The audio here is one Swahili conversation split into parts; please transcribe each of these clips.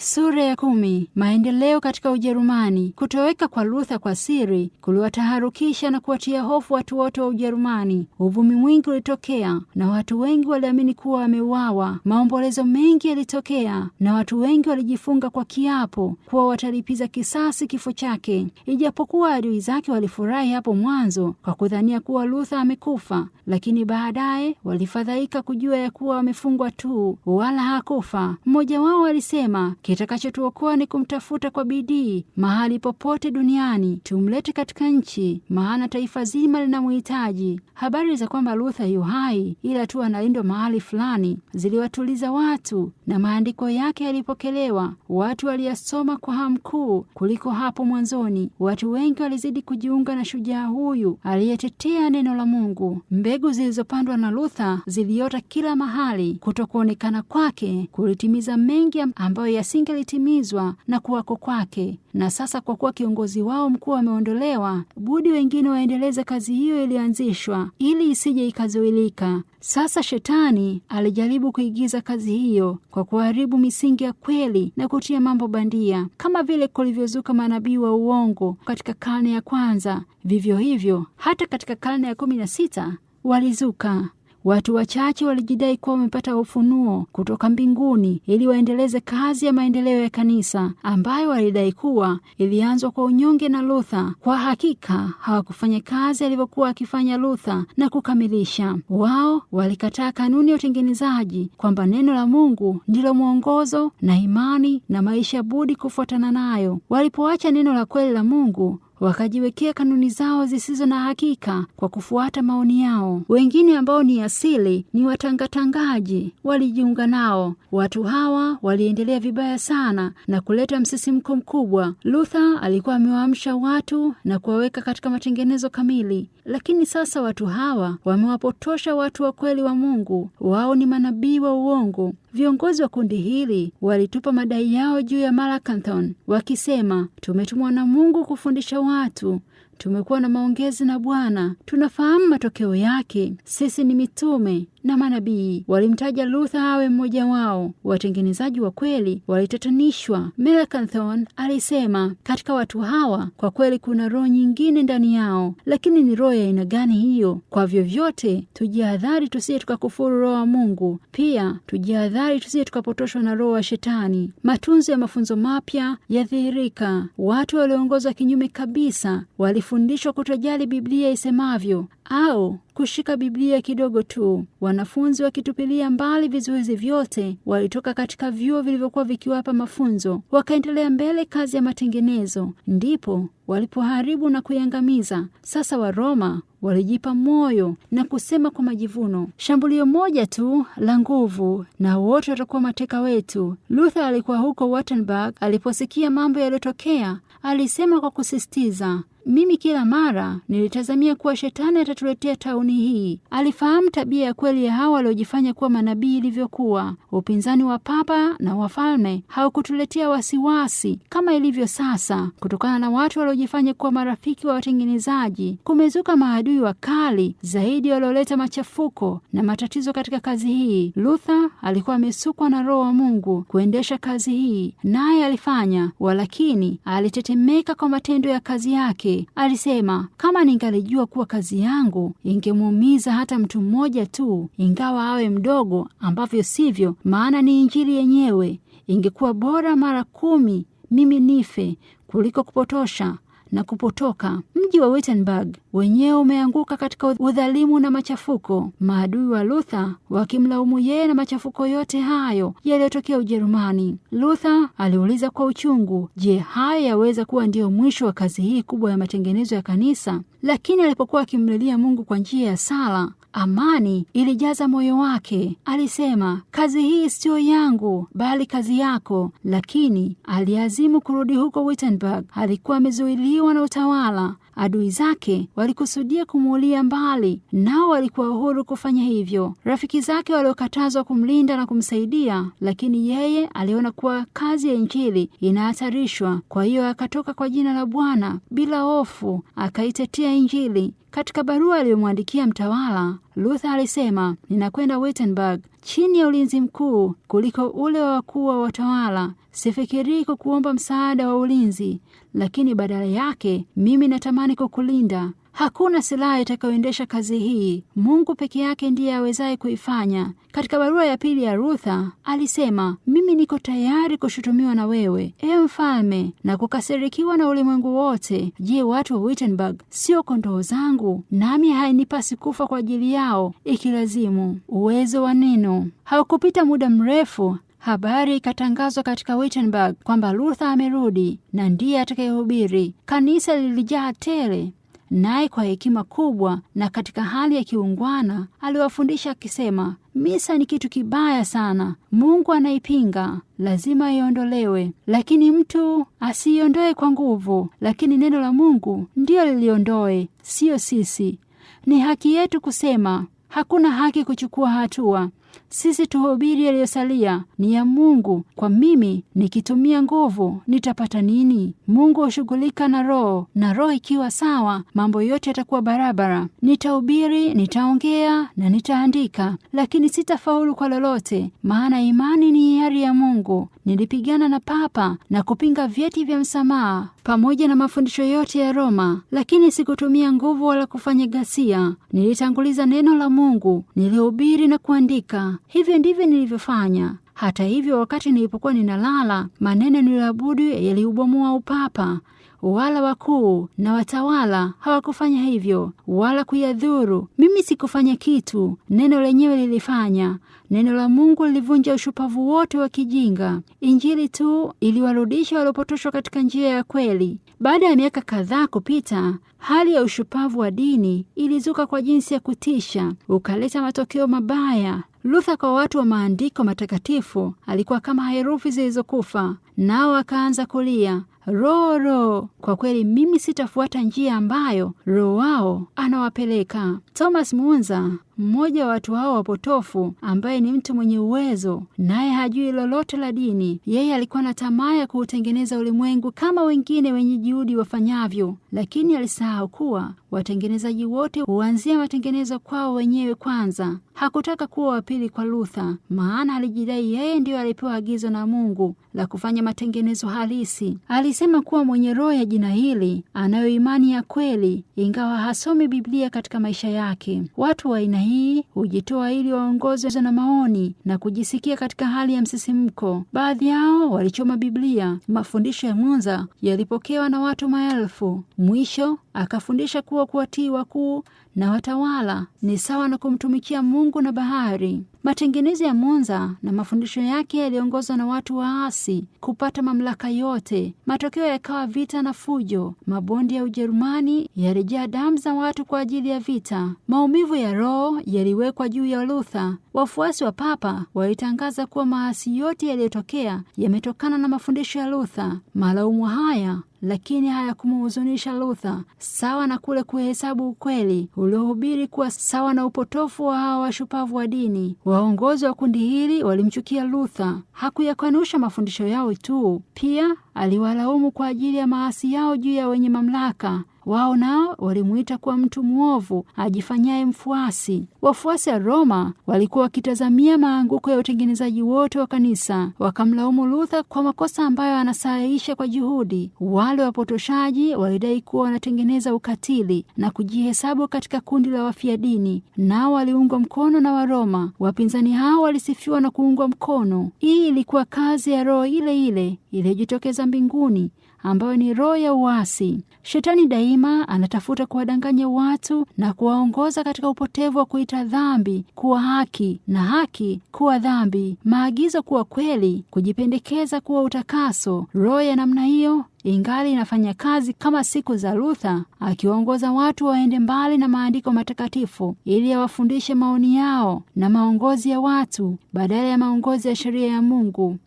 Sura ya kumi. Maendeleo katika Ujerumani. Kutoweka kwa lutha kwa siri kuliwataharukisha na kuwatia hofu watu wote wa Ujerumani. Uvumi mwingi ulitokea na watu wengi waliamini kuwa wameuawa. Maombolezo mengi yalitokea na watu wengi walijifunga kwa kiapo kuwa watalipiza kisasi kifo chake. Ijapokuwa adui zake walifurahi hapo mwanzo kwa kudhania kuwa lutha amekufa, lakini baadaye walifadhaika kujua ya kuwa wamefungwa tu, wala hakufa. Mmoja wao alisema Kitakachotuokoa ni kumtafuta kwa bidii mahali popote duniani, tumlete katika nchi, maana taifa zima linamhitaji. Habari za kwamba Luther yu hai ila tu analindwa mahali fulani ziliwatuliza watu, na maandiko yake yalipokelewa, watu waliyasoma kwa hamu kuu kuliko hapo mwanzoni. Watu wengi walizidi kujiunga na shujaa huyu aliyetetea neno la Mungu. Mbegu zilizopandwa na Luther ziliota kila mahali. Kutokuonekana kwake kulitimiza mengi ambayo yasi isingelitimizwa na kuwako kwake. Na sasa kwa kuwa kiongozi wao mkuu ameondolewa, budi wengine waendeleze kazi hiyo ilianzishwa, ili isije ikazuilika. Sasa shetani alijaribu kuigiza kazi hiyo kwa kuharibu misingi ya kweli na kutia mambo bandia. Kama vile kulivyozuka manabii wa uongo katika karne ya kwanza, vivyo hivyo hata katika karne ya kumi na sita walizuka Watu wachache walijidai kuwa wamepata ufunuo kutoka mbinguni ili waendeleze kazi ya maendeleo ya kanisa ambayo walidai kuwa ilianzwa kwa unyonge na Luther. Kwa hakika hawakufanya kazi alivyokuwa akifanya Luther na kukamilisha. Wao walikataa kanuni ya utengenezaji, kwamba neno la Mungu ndilo mwongozo na imani na maisha budi kufuatana nayo. Walipoacha neno la kweli la Mungu wakajiwekea kanuni zao zisizo na hakika kwa kufuata maoni yao. Wengine ambao ni asili ni watangatangaji walijiunga nao. Watu hawa waliendelea vibaya sana na kuleta msisimko mkubwa. Luther alikuwa amewaamsha watu na kuwaweka katika matengenezo kamili, lakini sasa watu hawa wamewapotosha watu wa kweli wa Mungu. Wao ni manabii wa uongo. Viongozi wa kundi hili walitupa madai yao juu ya Melanchthon wakisema, tumetumwa na Mungu kufundisha watu, tumekuwa na maongezi na Bwana, tunafahamu matokeo yake. Sisi ni mitume na manabii. Walimtaja Luther awe mmoja wao, watengenezaji wa kweli walitatanishwa. Melanchthon alisema, katika watu hawa kwa kweli kuna roho nyingine ndani yao, lakini ni roho ya aina gani hiyo? Kwa vyovyote tujihadhari, tusije tukakufuru roho wa Mungu. Pia tujihadhari, tusije tukapotoshwa na roho wa Shetani. Matunzo ya mafunzo mapya yadhihirika, watu walioongozwa kinyume kabisa kabisa walifundishwa kutojali Biblia isemavyo au kushika Biblia kidogo tu. Wanafunzi wakitupilia mbali vizuizi vyote, walitoka katika vyuo vilivyokuwa vikiwapa mafunzo, wakaendelea mbele kazi ya matengenezo, ndipo walipoharibu na kuiangamiza. Sasa Waroma walijipa moyo na kusema kwa majivuno, shambulio moja tu la nguvu na wote watakuwa mateka wetu. Luther alikuwa huko wattenburg Aliposikia mambo yaliyotokea, alisema kwa kusisitiza mimi kila mara nilitazamia kuwa shetani atatuletea tauni hii. Alifahamu tabia ya kweli ya hawa waliojifanya kuwa manabii ilivyokuwa. Upinzani wa papa na wafalme haukutuletea wasiwasi kama ilivyo sasa, kutokana na watu waliojifanya kuwa marafiki wa watengenezaji. Kumezuka maadui wakali zaidi walioleta machafuko na matatizo katika kazi hii. Luther alikuwa amesukwa na Roho wa Mungu kuendesha kazi hii, naye alifanya, walakini alitetemeka kwa matendo ya kazi yake. Alisema, kama ningalijua kuwa kazi yangu ingemuumiza hata mtu mmoja tu, ingawa awe mdogo, ambavyo sivyo, maana ni Injili yenyewe, ingekuwa bora mara kumi mimi nife kuliko kupotosha na kupotoka. Mji wa Wittenberg wenyewe umeanguka katika udhalimu na machafuko, maadui wa Luther wakimlaumu yeye na machafuko yote hayo yaliyotokea Ujerumani. Luther aliuliza kwa uchungu, je, haya yaweza kuwa ndiyo mwisho wa kazi hii kubwa ya matengenezo ya kanisa? Lakini alipokuwa akimlilia Mungu kwa njia ya sala Amani ilijaza moyo wake. Alisema, kazi hii siyo yangu, bali kazi yako. Lakini aliazimu kurudi huko Wittenberg. Alikuwa amezuiliwa na utawala adui zake walikusudia kumuulia mbali, nao walikuwa huru kufanya hivyo. Rafiki zake waliokatazwa kumlinda na kumsaidia, lakini yeye aliona kuwa kazi ya Injili inahatarishwa. Kwa hiyo akatoka kwa jina la Bwana bila hofu, akaitetea Injili. Katika barua aliyomwandikia mtawala, Luther alisema, ninakwenda Wittenberg chini ya ulinzi mkuu kuliko ule wa wakuu wa watawala. Sifikirii kukuomba msaada wa ulinzi, lakini badala yake mimi natamani kukulinda Hakuna silaha itakayoendesha kazi hii. Mungu peke yake ndiye awezaye kuifanya. Katika barua ya pili ya Rutha alisema, mimi niko tayari kushutumiwa na wewe, ewe mfalme, na kukasirikiwa na ulimwengu wote. Je, watu wa Wittenberg sio kondoo zangu? Nami hainipasi kufa kwa ajili yao ikilazimu. Uwezo wa neno. Haukupita muda mrefu Habari ikatangazwa katika Wittenberg kwamba Luther amerudi na ndiye atakayehubiri. Kanisa lilijaa tele naye kwa hekima kubwa na katika hali ya kiungwana aliwafundisha akisema, misa ni kitu kibaya sana, Mungu anaipinga, lazima iondolewe, lakini mtu asiiondoe kwa nguvu, lakini neno la Mungu ndiyo liliondoe, siyo sisi. Ni haki yetu kusema, hakuna haki kuchukua hatua, sisi tuhubiri yaliyosalia ni ya Mungu. Kwa mimi nikitumia nguvu nitapata nini? Mungu hushughulika na roho, na roho ikiwa sawa, mambo yote yatakuwa barabara. Nitahubiri, nitaongea na nitaandika, lakini sitafaulu kwa lolote, maana imani ni hiari ya Mungu. Nilipigana na papa na kupinga vyeti vya msamaha pamoja na mafundisho yote ya Roma, lakini sikutumia nguvu wala kufanya ghasia. Nilitanguliza neno la Mungu, nilihubiri na kuandika hivyo ndivyo nilivyofanya. Hata hivyo, wakati nilipokuwa ninalala, maneno niliyoabudu yaliubomoa upapa wala wakuu na watawala hawakufanya hivyo wala kuyadhuru. Mimi sikufanya kitu, neno lenyewe lilifanya. Neno la Mungu lilivunja ushupavu wote wa kijinga. Injili tu iliwarudisha waliopotoshwa katika njia ya kweli. Baada ya miaka kadhaa kupita, hali ya ushupavu wa dini ilizuka kwa jinsi ya kutisha, ukaleta matokeo mabaya. Luther kwa watu wa maandiko matakatifu alikuwa kama herufi zilizokufa, nao akaanza kulia Roho, roho, kwa kweli mimi sitafuata njia ambayo roho wao anawapeleka. Thomas Munza mmoja wa watu hao wapotofu ambaye ni mtu mwenye uwezo naye hajui lolote la dini, yeye alikuwa na tamaa ya kuutengeneza ulimwengu kama wengine wenye juhudi wafanyavyo, lakini alisahau kuwa watengenezaji wote huanzia matengenezo kwao wenyewe kwanza. Hakutaka kuwa wa pili kwa Luther, maana alijidai yeye ndiyo alipewa agizo na Mungu la kufanya matengenezo halisi. Alisema kuwa mwenye roho ya jina hili anayo imani ya kweli, ingawa hasomi Biblia katika maisha yake. Watu wa aina hii hujitoa ili waongozwe na maoni na kujisikia katika hali ya msisimko. Baadhi yao walichoma Biblia. Mafundisho ya Munza yalipokewa na watu maelfu. Mwisho akafundisha kuwa kuwatii wakuu na watawala ni sawa na kumtumikia Mungu na bahari. Matengenezo ya Monza na mafundisho yake yaliongozwa na watu waasi kupata mamlaka yote. Matokeo yakawa vita na fujo. Mabondi ya Ujerumani yarejea damu za watu kwa ajili ya vita. Maumivu ya roho yaliwekwa juu ya Luther. Wafuasi wa papa walitangaza kuwa maasi yote yaliyotokea yametokana na mafundisho ya Luther. Malaumu haya lakini hayakumhuzunisha Luther, sawa na kule kuhesabu ukweli uliohubiri kuwa sawa na upotofu wa hawa washupavu wa dini. Waongozi wa kundi hili walimchukia Luther. Hakuyakanusha mafundisho yao tu, pia aliwalaumu kwa ajili ya maasi yao juu ya wenye mamlaka wao nao walimwita kuwa mtu mwovu ajifanyaye mfuasi. Wafuasi wa Roma walikuwa wakitazamia maanguko ya utengenezaji wote wa kanisa, wakamlaumu Luther kwa makosa ambayo anasahihisha kwa juhudi. Wale wapotoshaji walidai kuwa wanatengeneza ukatili na kujihesabu katika kundi la wafia dini, nao waliungwa mkono na Waroma. Wapinzani hao walisifiwa na kuungwa mkono. Hii ilikuwa kazi ya Roho ile ile iliyojitokeza mbinguni ambayo ni roho ya uasi. Shetani daima anatafuta kuwadanganya watu na kuwaongoza katika upotevu wa kuita dhambi kuwa haki na haki kuwa dhambi, maagizo kuwa kweli, kujipendekeza kuwa utakaso. Roho ya namna hiyo ingali inafanya kazi kama siku za Luther, akiwaongoza watu waende mbali na maandiko matakatifu ili awafundishe maoni yao na maongozi ya watu badala ya maongozi ya sheria ya Mungu.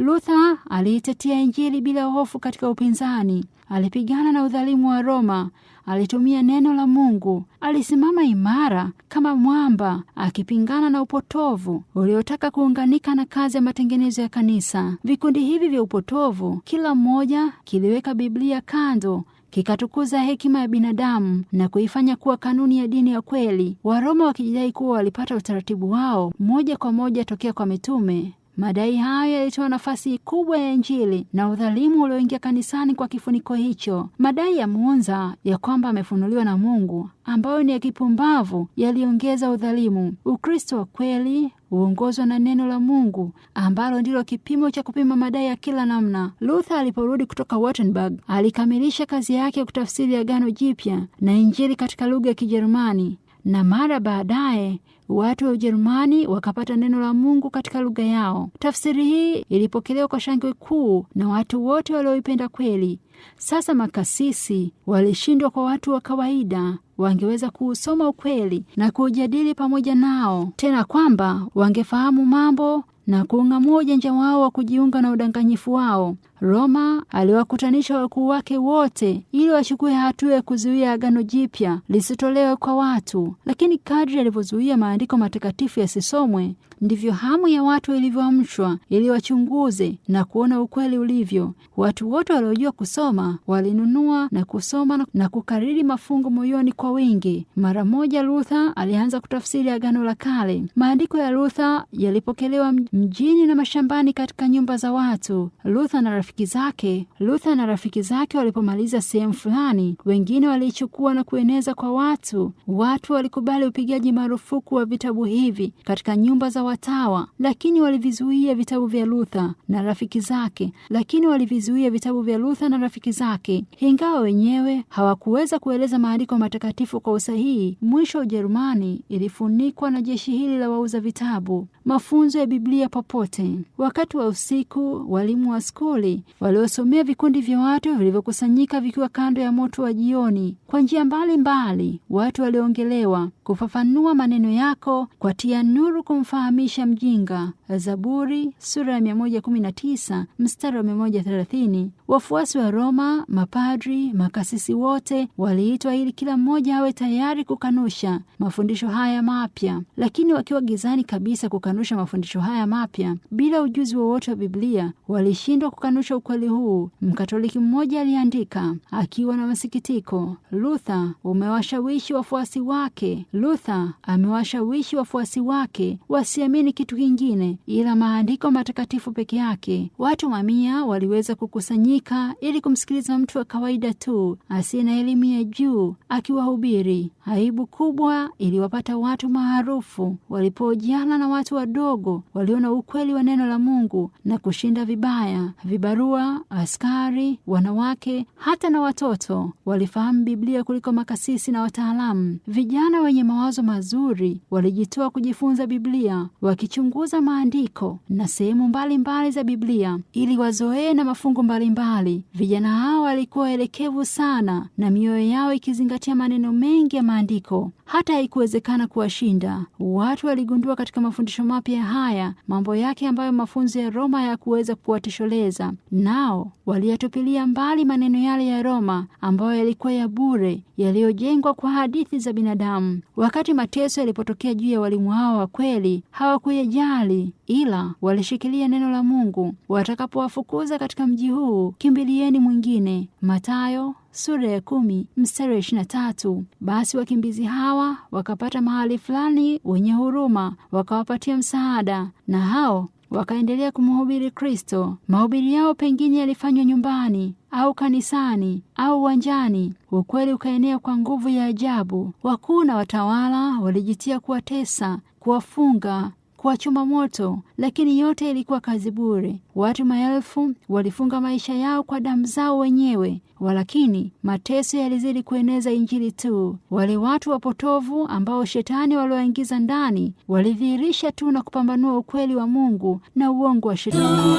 Luther aliitetea Injili bila hofu katika upinzani. Alipigana na udhalimu wa Roma, alitumia neno la Mungu, alisimama imara kama mwamba, akipingana na upotovu uliotaka kuunganika na kazi ya matengenezo ya kanisa. Vikundi hivi vya upotovu, kila mmoja kiliweka Biblia kando kikatukuza hekima ya binadamu na kuifanya kuwa kanuni ya dini ya kweli. Waroma wakijidai kuwa walipata utaratibu wao moja kwa moja tokea kwa mitume, Madai hayo yalitoa nafasi kubwa ya Injili na udhalimu ulioingia kanisani kwa kifuniko hicho. Madai ya Muonza ya kwamba amefunuliwa na Mungu, ambayo ni ya kipumbavu, yaliongeza udhalimu. Ukristo wa kweli huongozwa na neno la Mungu ambalo ndilo kipimo cha kupima madai ya kila namna. Luther aliporudi kutoka Wittenberg alikamilisha kazi yake ya kutafsiri Agano Jipya na Injili katika lugha ya Kijerumani na mara baadaye watu wa Ujerumani wakapata neno la Mungu katika lugha yao. Tafsiri hii ilipokelewa kwa shangwe kuu na watu wote walioipenda kweli. Sasa makasisi walishindwa kwa watu wa kawaida wangeweza kuusoma ukweli na kuujadili pamoja nao, tena kwamba wangefahamu mambo na kuung'amua ujanja wao wa kujiunga na udanganyifu wao. Roma aliwakutanisha wakuu wake wote ili wachukue hatua ya kuzuia agano jipya lisitolewe kwa watu, lakini kadri alivyozuia maandiko matakatifu yasisomwe, ndivyo hamu ya watu ilivyoamshwa ili wachunguze na kuona ukweli ulivyo. Watu wote waliojua kusoma walinunua na kusoma na kukariri mafungo moyoni kwa wingi. Mara moja Luther alianza kutafsiri agano la kale. Maandiko ya Luther yalipokelewa mjini na mashambani, katika nyumba za watu. Luther na rafiki zake. Luther na rafiki zake walipomaliza sehemu fulani, wengine waliichukua na kueneza kwa watu. Watu walikubali upigaji marufuku wa vitabu hivi katika nyumba za watawa, lakini walivizuia vitabu vya Luther na rafiki zake, lakini walivizuia vitabu vya Luther na rafiki zake, ingawa wenyewe hawakuweza kueleza maandiko matakatifu kwa usahihi. Mwisho, wa Ujerumani ilifunikwa na jeshi hili la wauza vitabu. Mafunzo ya Biblia popote. Wakati wa usiku, walimu wa skuli waliosomea vikundi vya watu vilivyokusanyika vikiwa kando ya moto wa jioni. Kwa njia mbalimbali watu waliongelewa kufafanua maneno yako kwa tia nuru kumfahamisha mjinga. Zaburi sura ya 119 mstari wa 130. Wafuasi wa Roma, mapadri, makasisi wote waliitwa ili kila mmoja awe tayari kukanusha mafundisho haya mapya, lakini wakiwa gizani kabisa kukanusha mafundisho haya mapya bila ujuzi wowote wa Biblia walishindwa kukanusha kukanusha ukweli huu, Mkatoliki mmoja aliandika akiwa na masikitiko, Luther umewashawishi wafuasi wake, Luther amewashawishi wafuasi wake wasiamini kitu kingine ila maandiko matakatifu peke yake. Watu mamia waliweza kukusanyika ili kumsikiliza mtu wa kawaida tu asiye na elimu ya juu akiwahubiri. Aibu kubwa iliwapata watu maarufu walipojiana na watu wadogo waliona ukweli wa neno la Mungu na kushinda vibaya. Vibarua, askari, wanawake, hata na watoto walifahamu Biblia kuliko makasisi na wataalamu. Vijana wenye mawazo mazuri walijitoa kujifunza Biblia, wakichunguza maandiko na sehemu mbalimbali za Biblia ili wazoee na mafungu mbalimbali. Vijana hao walikuwa elekevu sana na mioyo yao ikizingatia maneno mengi ya maandiko hata haikuwezekana kuwashinda. Watu waligundua katika mafundisho mapya haya mambo yake ambayo mafunzo ya Roma hayakuweza kuwatosheleza, nao waliyatupilia mbali maneno yale ya Roma ambayo yalikuwa ya bure yaliyojengwa kwa hadithi za binadamu. Wakati mateso yalipotokea juu ya walimu hao wa kweli, hawakuyajali ila walishikilia neno la Mungu. Watakapowafukuza katika mji huu, kimbilieni mwingine. Mathayo sura ya kumi mstari wa ishirini na tatu. Basi wakimbizi hawa wakapata mahali fulani wenye huruma, wakawapatia msaada, na hao wakaendelea kumhubiri Kristo. Mahubiri yao pengine yalifanywa nyumbani, au kanisani au uwanjani. Ukweli ukaenea kwa nguvu ya ajabu. Wakuu na watawala walijitia kuwatesa, kuwafunga kuwachuma moto, lakini yote ilikuwa kazi bure. Watu maelfu walifunga maisha yao kwa damu zao wenyewe, walakini mateso yalizidi kueneza injili tu. Wale watu wapotovu ambao shetani waliwaingiza ndani walidhihirisha tu na kupambanua ukweli wa Mungu na uongo wa shetani.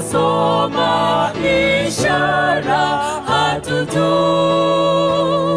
tunasoma ishara hatujui